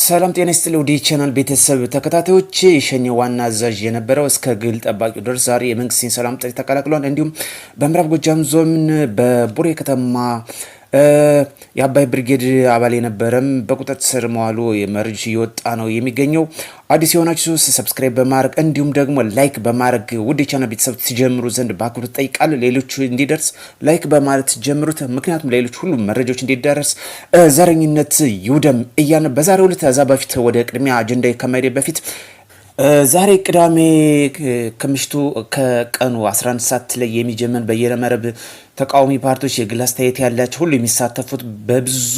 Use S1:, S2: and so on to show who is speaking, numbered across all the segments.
S1: ሰላም ጤና ይስጥል ውድ ቻናል ቤተሰብ ተከታታዮች፣ የሸኔው ዋና አዛዥ የነበረው እስከ ግል ጠባቂው ድረስ ዛሬ የመንግስትን ሰላም ጥሪ ተቀላቅሏል። እንዲሁም በምዕራብ ጎጃም ዞን በቡሬ ከተማ የአባይ ብሪጌድ አባል የነበረም በቁጥጥር ስር መዋሉ መረጃ እየወጣ ነው የሚገኘው። አዲስ የሆናችሁ ሰብስክራይብ በማድረግ እንዲሁም ደግሞ ላይክ በማድረግ ውድ ቻና ቤተሰብ ትጀምሩ ዘንድ በአክብሮት ጠይቃል። ሌሎች እንዲደርስ ላይክ በማለት ጀምሩት። ምክንያቱም ሌሎች ሁሉ መረጃዎች እንዲደረስ ዘረኝነት ይውደም እያልን በዛሬው ዕለት ከዛ በፊት ወደ ቅድሚያ አጀንዳ ከመሄድ በፊት ዛሬ ቅዳሜ ከምሽቱ ከቀኑ 11 ሰዓት ላይ የሚጀመር መረብ ተቃዋሚ ፓርቲዎች የግል አስተያየት ያላቸው ሁሉ የሚሳተፉት በብዙ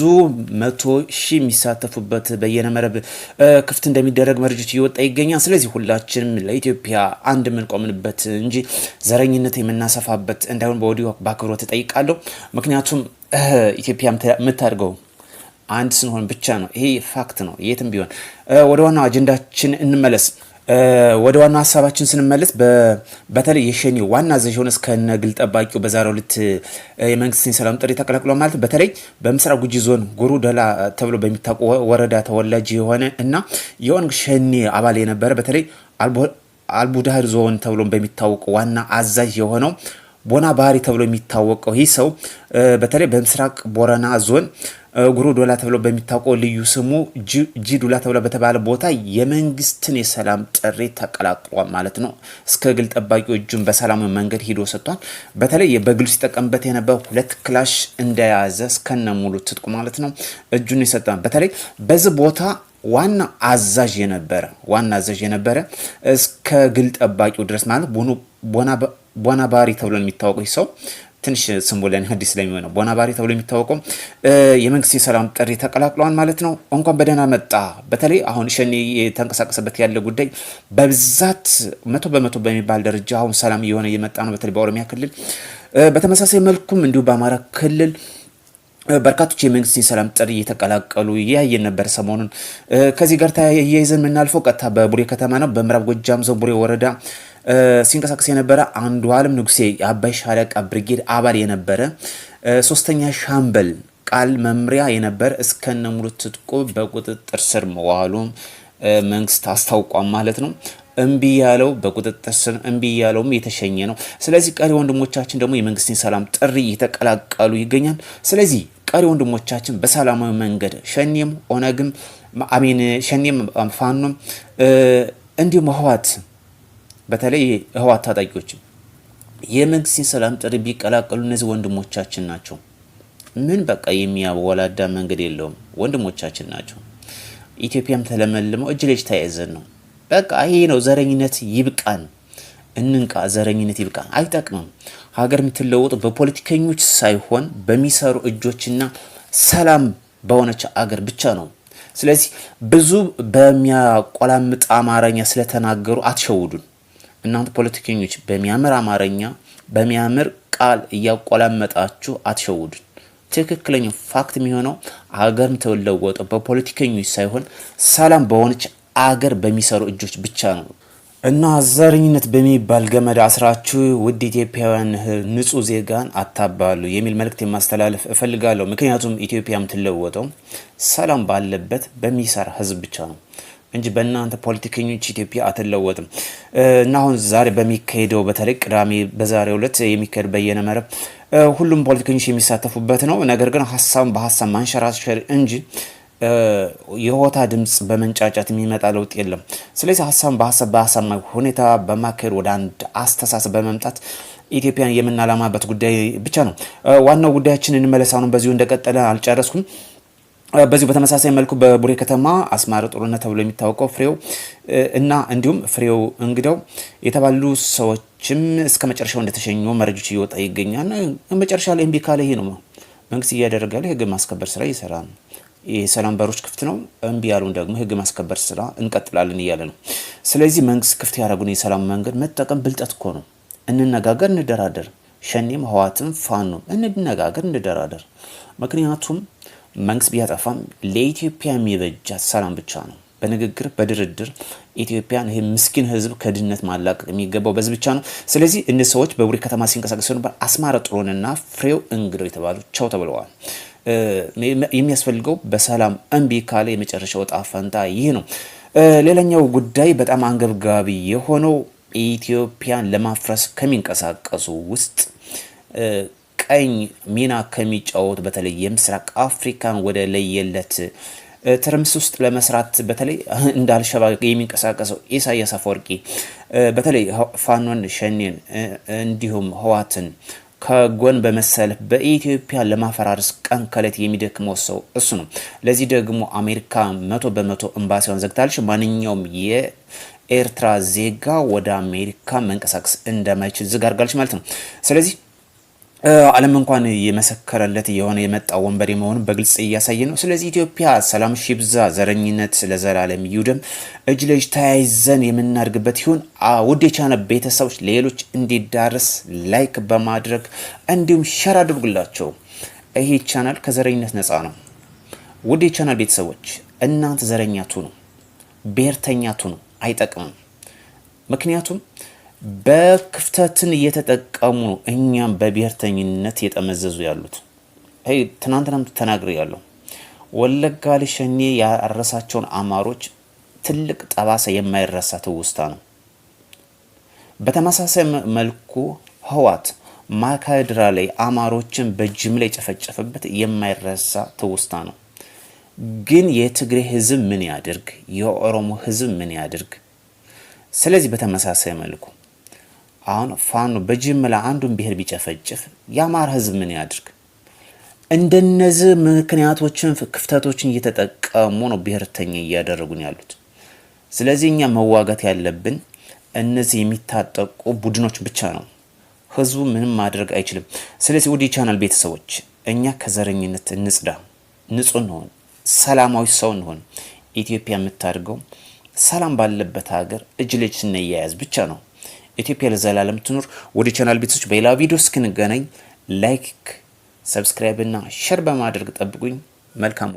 S1: መቶ ሺህ የሚሳተፉበት መረብ ክፍት እንደሚደረግ መረጃዎች እየወጣ ይገኛል። ስለዚህ ሁላችንም ለኢትዮጵያ አንድ የምንቆምንበት እንጂ ዘረኝነት የምናሰፋበት እንዳይሆን በወዲሁ በአክብሮት እጠይቃለሁ። ምክንያቱም ኢትዮጵያ የምታደርገው አንድ ስንሆን ብቻ ነው። ይሄ ፋክት ነው። የትም ቢሆን ወደ ዋናው አጀንዳችን እንመለስ። ወደ ዋና ሀሳባችን ስንመለስ በተለይ የሸኒ ዋና አዛዥ የሆነ እስከነ ግል ጠባቂው በዛሬው ዕለት የመንግስትን ሰላም ጥሪ ተቀላቅሏል። ማለት በተለይ በምስራቅ ጉጂ ዞን ጉሩ ደላ ተብሎ በሚታወቅ ወረዳ ተወላጅ የሆነ እና የኦነግ ሸኒ አባል የነበረ በተለይ አልቡዳህር ዞን ተብሎ በሚታወቁ ዋና አዛዥ የሆነው ቦና ባህሪ ተብሎ የሚታወቀው ይህ ሰው በተለይ በምስራቅ ቦረና ዞን ጉሮ ዶላ ተብሎ በሚታወቀው ልዩ ስሙ ጂ ዱላ ተብሎ በተባለ ቦታ የመንግስትን የሰላም ጥሪ ተቀላቅሏል ማለት ነው። እስከ ግል ጠባቂው እጁን በሰላም መንገድ ሂዶ ሰጥቷል። በተለይ በግሉ ሲጠቀምበት የነበረው ሁለት ክላሽ እንደያዘ እስከነ ሙሉ ትጥቁ ማለት ነው እጁን የሰጠ በተለይ በዚህ ቦታ ዋና አዛዥ የነበረ ዋና አዛዥ የነበረ እስከ ግል ጠባቂው ድረስ ማለት ቦና ቦናባሪ ተብሎ የሚታወቀው ሰው ትንሽ ስሙ ለእኔ አዲስ ስለሚሆነው ቦናባሪ ተብሎ የሚታወቀው የመንግስት የሰላም ጥሪ ተቀላቅለዋል ማለት ነው። እንኳን በደህና መጣ። በተለይ አሁን ሸኔ የተንቀሳቀሰበት ያለ ጉዳይ በብዛት መቶ በመቶ በሚባል ደረጃ አሁን ሰላም እየሆነ እየመጣ ነው። በተለይ በኦሮሚያ ክልል በተመሳሳይ መልኩም እንዲሁ በአማራ ክልል በርካቶች የመንግስት የሰላም ጥሪ እየተቀላቀሉ እያየን ነበር ሰሞኑን። ከዚህ ጋር ተያይዘን የምናልፈው ቀጥታ በቡሬ ከተማ ነው። በምዕራብ ጎጃም ዞን ቡሬ ወረዳ ሲንቀሳቀስ የነበረ አንዱ አለም ንጉሴ የአባይ ሻለቃ ብርጌድ አባል የነበረ ሶስተኛ ሻምበል ቃል መምሪያ የነበረ እስከነ ሙሉ ትጥቁ በቁጥጥር ስር መዋሉም መንግስት አስታውቋል ማለት ነው። እምቢ ያለው በቁጥጥር ስር እምቢ ያለውም የተሸኘ ነው። ስለዚህ ቀሪ ወንድሞቻችን ደግሞ የመንግስትን ሰላም ጥሪ እየተቀላቀሉ ይገኛል። ስለዚህ ቀሪ ወንድሞቻችን በሰላማዊ መንገድ ሸኔም ኦነግም አሜን ሸኔም ፋኖም እንዲሁም ህዋት በተለይ እህዋት ታጣቂዎች የመንግስትን ሰላም ጥሪ ቢቀላቀሉ እነዚህ ወንድሞቻችን ናቸው። ምን በቃ የሚያወላዳ መንገድ የለውም። ወንድሞቻችን ናቸው። ኢትዮጵያም ተለመልመው እጅ ለእጅ ተያይዘን ነው። በቃ ይሄ ነው። ዘረኝነት ይብቃን፣ እንንቃ። ዘረኝነት ይብቃን፣ አይጠቅምም። ሀገር የምትለወጡ በፖለቲከኞች ሳይሆን በሚሰሩ እጆችና ሰላም በሆነች አገር ብቻ ነው። ስለዚህ ብዙ በሚያቆላምጥ አማርኛ ስለተናገሩ አትሸውዱን። እናንተ ፖለቲከኞች በሚያምር አማርኛ በሚያምር ቃል እያቆላመጣችሁ አትሸውዱን። ትክክለኛ ፋክት የሚሆነው አገር ተለወጠው በፖለቲከኞች ሳይሆን ሰላም በሆነች አገር በሚሰሩ እጆች ብቻ ነው። እና ዘረኝነት በሚባል ገመድ አስራችሁ ውድ ኢትዮጵያውያን ንጹህ ዜጋን አታባሉ የሚል መልእክት የማስተላለፍ እፈልጋለሁ። ምክንያቱም ኢትዮጵያም ትለወጠው ሰላም ባለበት በሚሰራ ህዝብ ብቻ ነው። እንጂ በእናንተ ፖለቲከኞች ኢትዮጵያ አትለወጥም እና አሁን ዛሬ በሚካሄደው በተለይ ቅዳሜ በዛሬው ዕለት የሚካሄድ በየነ መረብ ሁሉም ፖለቲከኞች የሚሳተፉበት ነው። ነገር ግን ሀሳብን በሀሳብ ማንሸራሸር እንጂ የሆታ ድምፅ በመንጫጫት የሚመጣ ለውጥ የለም። ስለዚህ ሀሳብ በሀሳብ በሀሳብ ሁኔታ በማካሄድ ወደ አንድ አስተሳሰብ በመምጣት ኢትዮጵያን የምናላማበት ጉዳይ ብቻ ነው። ዋናው ጉዳያችን እንመለስ። ነው። በዚሁ እንደቀጠለ አልጨረስኩም። በዚሁ በተመሳሳይ መልኩ በቡሬ ከተማ አስማረ ጦርነት ተብሎ የሚታወቀው ፍሬው እና እንዲሁም ፍሬው እንግደው የተባሉ ሰዎችም እስከ መጨረሻው እንደተሸኙ መረጆች እየወጣ ይገኛል። መጨረሻ ላይ እምቢ ካለ ይሄ ነው መንግስት እያደረገ ያለው ማስከበር ስራ እየሰራ ነው። የሰላም በሮች ክፍት ነው። እምቢ ያሉን ደግሞ ህግ ማስከበር ስራ እንቀጥላለን እያለ ነው። ስለዚህ መንግስት ክፍት ያደረጉን የሰላም መንገድ መጠቀም ብልጠት እኮ ነው። እንነጋገር፣ እንደራደር። ሸኔም፣ ህዋትም፣ ፋኖም እንነጋገር፣ እንደራደር ምክንያቱም መንግስት ቢያጠፋም ለኢትዮጵያ የሚበጃ ሰላም ብቻ ነው። በንግግር በድርድር ኢትዮጵያን ይህ ምስኪን ህዝብ ከድህነት ማላቀቅ የሚገባው በዚህ ብቻ ነው። ስለዚህ እነዚህ ሰዎች በቡሬ ከተማ ሲንቀሳቀስ ነበር። አስማረ ጥሩንና ፍሬው እንግዶ የተባሉ ቸው ተብለዋል። የሚያስፈልገው በሰላም እምቢ ካለ የመጨረሻ እጣ ፈንታ ይህ ነው። ሌላኛው ጉዳይ በጣም አንገብጋቢ የሆነው ኢትዮጵያን ለማፍረስ ከሚንቀሳቀሱ ውስጥ ቀኝ ሚና ከሚጫወቱ በተለይ የምስራቅ አፍሪካን ወደ ለየለት ትርምስ ውስጥ ለመስራት በተለይ እንደ አልሸባብ የሚንቀሳቀሰው ኢሳያስ አፈወርቂ በተለይ ፋኖን፣ ሸኔን እንዲሁም ህዋትን ከጎን በመሰለፍ በኢትዮጵያ ለማፈራረስ ቀን የሚደክመው ሰው እሱ ነው። ለዚህ ደግሞ አሜሪካ መቶ በመቶ ኤምባሲዋን ዘግታለች። ማንኛውም የኤርትራ ዜጋ ወደ አሜሪካ መንቀሳቀስ እንደማይችል ዝግ አድርጋለች ማለት ነው። ስለዚህ ዓለም እንኳን የመሰከረለት የሆነ የመጣ ወንበዴ መሆኑን በግልጽ እያሳየ ነው። ስለዚህ ኢትዮጵያ ሰላም ሺብዛ፣ ዘረኝነት ለዘላለም ይውደም። እጅ ለእጅ ተያይዘን የምናድግበት ይሁን። ውድ የቻናል ቤተሰቦች ሌሎች እንዲዳረስ ላይክ በማድረግ እንዲሁም ሸር አድርጉላቸው። ይሄ ቻናል ከዘረኝነት ነፃ ነው። ውድ የቻናል ቤተሰቦች እናንተ ዘረኛቱ ነው፣ ብሔርተኛቱ ነው፣ አይጠቅምም። ምክንያቱም በክፍተትን እየተጠቀሙ ነው እኛም በብሔርተኝነት እየጠመዘዙ ያሉት። ይሄ ትናንትናም ተናግሬ ያለሁ ወለጋ ሊሸኔ ያረሳቸውን አማሮች ትልቅ ጠባሳ የማይረሳ ትውስታ ነው። በተመሳሳይ መልኩ ህዋት ማካድራ ላይ አማሮችን በጅምላ የጨፈጨፈበት የማይረሳ ትውስታ ነው። ግን የትግሬ ህዝብ ምን ያድርግ? የኦሮሞ ህዝብ ምን ያድርግ? ስለዚህ በተመሳሳይ መልኩ አሁን ፋኖ በጅምላ አንዱን ብሔር ቢጨፈጭፍ የአማራ ህዝብ ምን ያድርግ? እንደነዚህ ምክንያቶችን ክፍተቶችን እየተጠቀሙ ነው ብሔርተኛ እያደረጉን ያሉት። ስለዚህ እኛ መዋጋት ያለብን እነዚህ የሚታጠቁ ቡድኖች ብቻ ነው። ህዝቡ ምንም ማድረግ አይችልም። ስለዚህ ወደ ቻናል ቤተሰቦች እኛ ከዘረኝነት እንጽዳ፣ ንጹህ እንሆን፣ ሰላማዊ ሰው እንሆን። ኢትዮጵያ የምታድገው ሰላም ባለበት ሀገር እጅ ለእጅ ስንያያዝ ብቻ ነው። ኢትዮጵያ ለዘላለም ትኑር። ወደ ቻናል ቤቶች በሌላ ቪዲዮ እስክንገናኝ ላይክ፣ ሰብስክራይብ እና ሸር በማድረግ ጠብቁኝ። መልካም